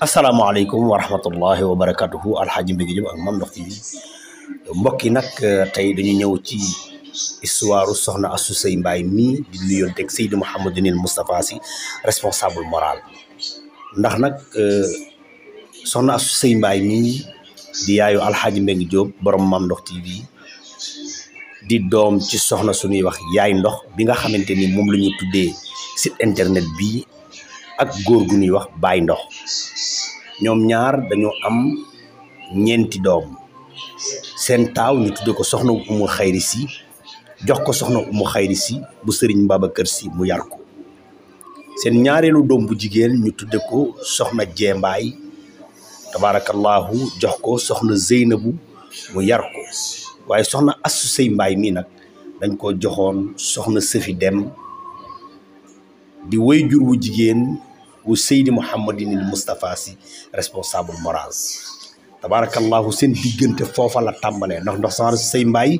asalaamaaleykum wa rahmatullahi wa barakatuhu alxaaji mbégi jëm ak Mame Ndokh mbokk yi nag tey dañu ñëw ci histoire soxna Astou Seye Mbaye mii di nuyonteeg Seydi Mouhamadinil Moustapha Sy responsable moral ndax nag euh, soxna Astou Seye Mbaye mii di yaayu alxaaji mbégi Diop borom Mame Ndokh TV di doom ci soxna suñuy wax yaay ndox bi nga xamante ni moom la ñu tuddee site internet bii ak góor gu ñuy wax Baye Ndox ñoom ñaar dañoo am ñeenti doom seen taaw ñu tudde ko soxna Umu Xayri Si jox ko soxna Umu Xayri Si bu Sëriñ Babacar Si mu yar ko seen ñaareelu doom bu jigéen ñu tudde ko soxna Jeembaay tabaarakallaahu jox ko soxna Zeynabu mu yar ko waaye soxna Assu Sey Mbaay mii nag dañ ko joxoon soxna Sëfi Dem di wéy jur wu jigéen bu Seydi Mouhamadinil Moustapha Sy responsable moral tabarakallahu seen diggante foofa la tàmbalee ndax ndox soxna say mbaay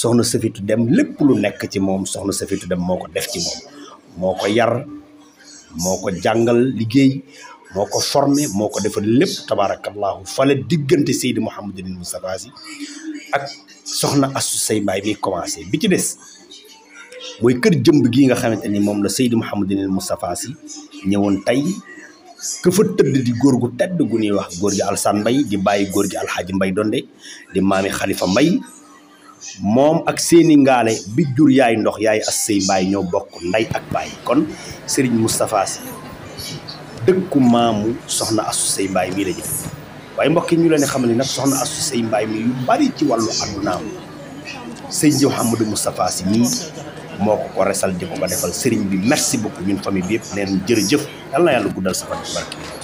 soxna safitu dem lépp lu nekk ci moom soxna safitu dem moo ko def ci moom moo ko yar moo ko jàngal liggéey moo ko formé moo ko defal lépp tabarakallahu fale diggante Seydi Mouhamadinil Moustapha Sy ak soxna astu say mbaay bi commencé bi ci des mooy kër jëmb gi nga xamante ni moom la Seydi Mouhamadinil Moustapha Sy ñëwoon tey ka fa tëdd di góor gu tedd gu ñuy wax góor gi Alsaan Mbay di bàyyi góor gi Alxaaji Mbay Donde di maami Xalifa Mbay moom ak seeni ngaale bi jur yaay ndox yaay as sëy ñoo bokk nday ak baay kon Serigne Moustapha Sy dëkku maamu soxna asu sëy mbaay mii la jëf waaye mbokk yi ñu leen xam ne nag soxna asu sëy mbay mi yu bari ci wàllu àddunaam Seydi Mouhamadou Moustapha Sy mii moo ko ko resal di ko ko defal sëriñ bi merci beaucoup ñun famille bi yëpp neen jërëjëf yàlla na yàlla guddal sa fan